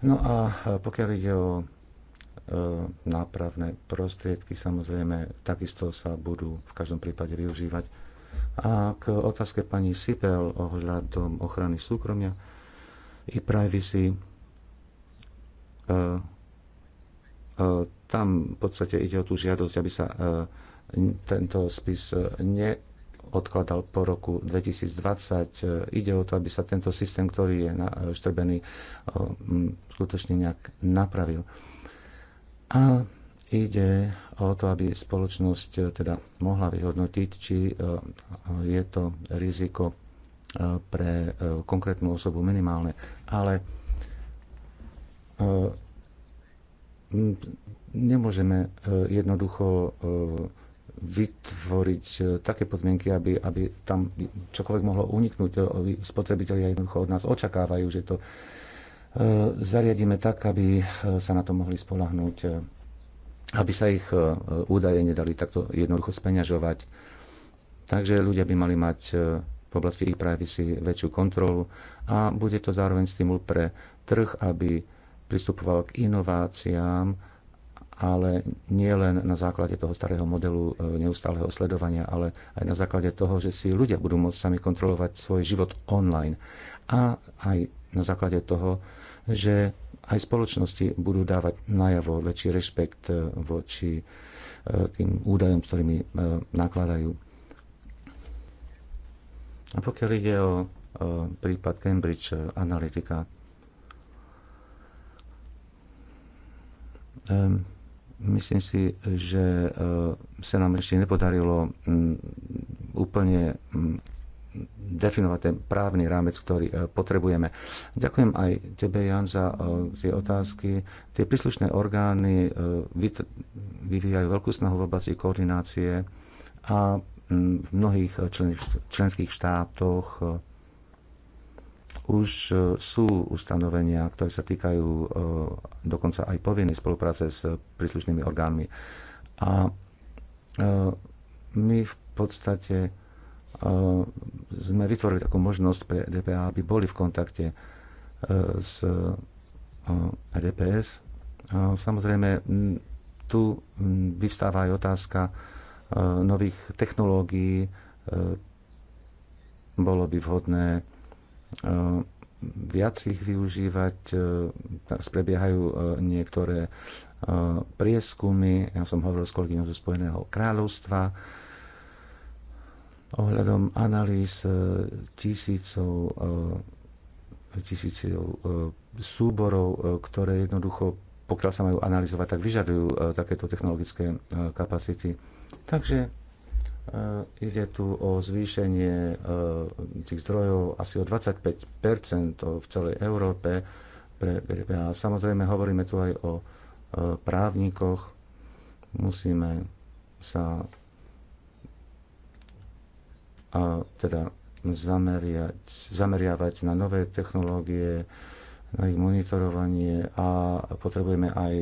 No a e, pokiaľ ide o nápravné prostriedky, samozrejme, takisto sa budú v každom prípade využívať. A k otázke pani Sipel ohľadom ochrany súkromia i privacy Eh, tam v podstate ide o tú žiadosť, aby sa eh, tento spis eh, neodkladal po roku 2020. Ide o to, aby sa tento systém, ktorý je štrbený, skutočne nejak napravil. A ide o to, aby spoločnosť teda mohla vyhodnotiť, či je to riziko pre konkrétnu osobu minimálne. Ale nemôžeme e, jednoducho e, vytvoriť e, také podmienky, aby, aby tam čokoľvek mohlo uniknúť. Spotrebitelia jednoducho od nás očakávajú, že to zariadíme tak, aby sa na to mohli spolahnúť, aby sa ich údaje nedali takto jednoducho speňažovať. Takže ľudia by mali mať v oblasti e-privacy väčšiu kontrolu a bude to zároveň stimul pre trh, aby pristupoval k inováciám, ale nie len na základe toho starého modelu e, neustáleho sledovania, ale aj na základe toho, že si ľudia budú môcť sami kontrolovať svoj život online. A aj na základe toho, že aj spoločnosti budú dávať najavo väčší rešpekt e, voči e, tým údajom, s ktorými nakladajú. A pokiaľ ide o prípad Cambridge Analytica, Myslím si, že eh, sa nám ešte nepodarilo mm, úplne mm, definovať ten právny rámec, ktorý eh, potrebujeme. Ďakujem aj tebe, Jan, za eh, tie otázky. Tie príslušné orgány vyvíjajú veľkú snahu v oblasti koordinácie a mm, v mnohých členských štátoch už e, sú ustanovenia, ktoré sa týkajú e, dokonca aj povinnej spolupráce s príslušnými orgánmi. A e, my v podstate sme vytvorili takú možnosť pre DPA, aby boli v kontakte s DPS. Samozrejme, tu vyvstáva aj otázka nových technológií. Bolo by vhodné Ehm, viac ich využívať. Ehm, teraz prebiehajú ehm, niektoré prieskumy. Ja som hovoril s kolegyňou zo Spojeného kráľovstva ohľadom analýz tisícov, tisícov súborov, ktoré jednoducho, pokiaľ sa majú analyzovať, tak vyžadujú takéto technologické kapacity. Takže Eh, ide tu o zvýšenie eh, tých zdrojov asi o 25 v celej Európe. A samozrejme hovoríme tu aj o eh, právnikoch. Musíme sa a teda zameriať, zameriavať na nové technológie, na ich monitorovanie a potrebujeme aj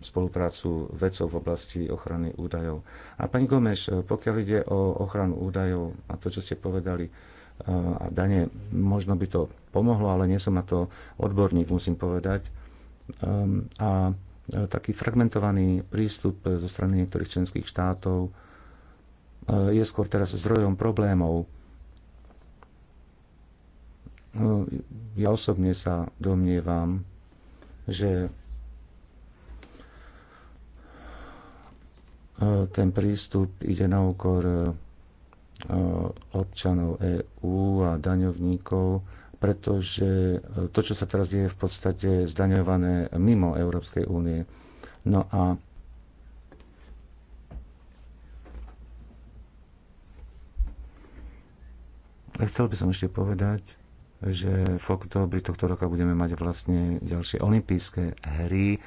spoluprácu vedcov v oblasti ochrany údajov. A pani Gomeš, eh, pokiaľ ide o ochranu údajov a to, čo ste povedali, eh, a dane, možno by to pomohlo, ale nie som na to odborník, musím povedať. Ehm, a eh, taký fragmentovaný prístup zo strany niektorých členských štátov je skôr teraz zdrojom problémov. Ja osobne sa domnievam, že E, ten prístup ide na úkor e, občanov EÚ a daňovníkov, pretože e, to, čo sa teraz deje, je v podstate zdaňované mimo Európskej únie. No a chcel by som ešte povedať, že v oktobri tohto roka budeme mať vlastne ďalšie olympijské hry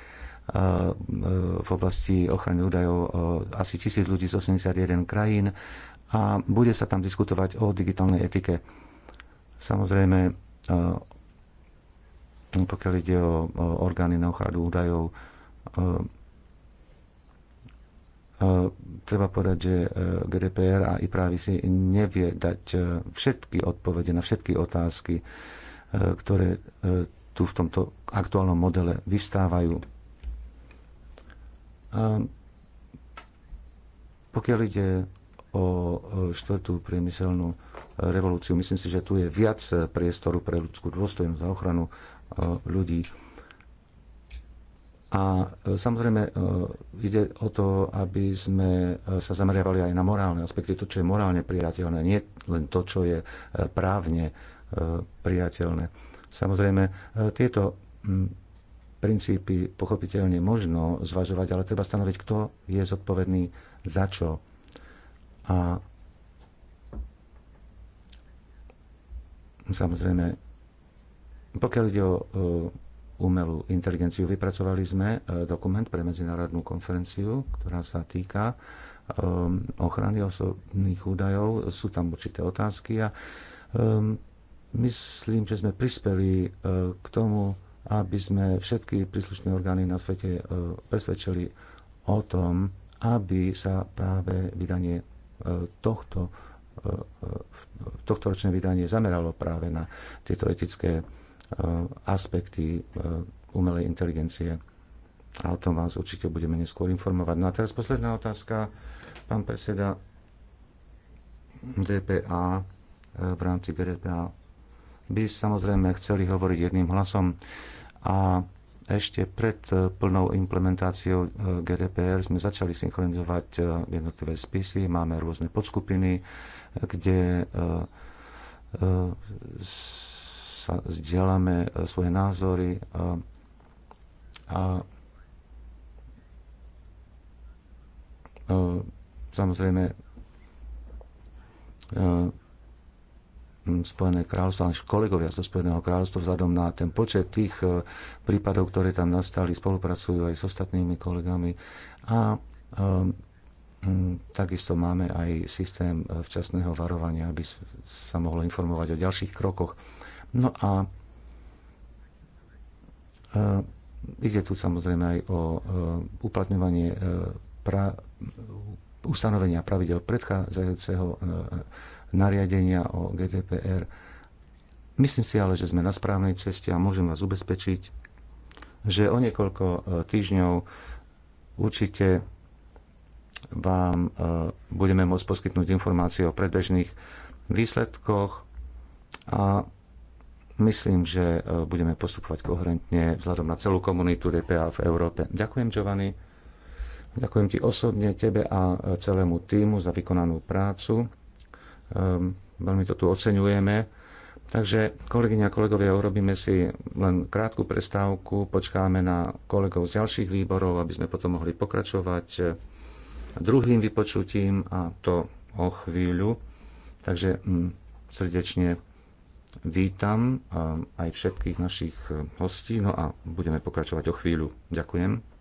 v oblasti ochrany údajov asi tisíc ľudí z 81 krajín a bude sa tam diskutovať o digitálnej etike. Samozrejme, pokiaľ ide o orgány na ochranu údajov, treba povedať, že e, GDPR a e si nevie dať e, všetky odpovede na všetky otázky, e, ktoré tu v tomto aktuálnom modele vystávajú. Pokiaľ ide o štvrtú priemyselnú revolúciu, myslím si, že tu je viac priestoru pre ľudskú dôstojnosť a ochranu ľudí. A e, samozrejme e, ide o to, aby sme e, sa zameriavali aj na morálne aspekty, to, čo je morálne priateľné, nie len to, čo je právne priateľné. Samozrejme, tieto princípy pochopiteľne možno zvažovať, ale treba stanoviť, kto je zodpovedný za čo. A samozrejme, pokiaľ ide o e, umelú inteligenciu, vypracovali sme e, dokument pre medzinárodnú konferenciu, ktorá sa týka e, ochrany osobných údajov. Sú tam určité otázky a myslím, že sme prispeli k tomu, aby sme všetky príslušné orgány na svete e, presvedčili o tom, aby sa práve vydanie e, tohto, e, tohto ročné vydanie zameralo práve na tieto etické aspekty umelej inteligencie. A o tom vás určite budeme neskôr informovať. No a teraz posledná otázka. Pán predseda DPA v rámci GDPA by samozrejme chceli hovoriť jedným hlasom a ešte pred e, plnou implementáciou e, GDPR sme začali synchronizovať e, jednotlivé spisy, máme rôzne podskupiny, kde sa zdieľame svoje názory a, a samozrejme Spojené kráľovstvo, ale kolegovia zo Spojeného kráľovstva vzhľadom na ten počet tých e, prípadov, ktoré tam nastali, spolupracujú aj s ostatnými kolegami. A um, takisto máme aj systém e, včasného varovania, aby sa mohlo informovať o ďalších krokoch. No a uh, ide tu samozrejme aj o uh, uplatňovanie uh, pra, ustanovenia pravidel predchádzajúceho nariadenia o GDPR. Myslím si ale, že sme na správnej ceste a môžem vás ubezpečiť, že o niekoľko e, týždňov určite vám e, budeme môcť poskytnúť informácie o predbežných výsledkoch a myslím, že e, budeme postupovať koherentne vzhľadom na celú komunitu DPA v Európe. Ďakujem, Giovanni. Ďakujem ti osobne, tebe a celému týmu za vykonanú prácu. Ehm, veľmi to tu oceňujeme. Takže, kolegyňa a kolegovia, urobíme si len krátku prestávku, počkáme na kolegov z ďalších výborov, aby sme potom mohli pokračovať druhým vypočutím a to o chvíľu. Takže hm, srdečne vítam ehm, aj všetkých našich hostí, no a budeme pokračovať o chvíľu. Ďakujem.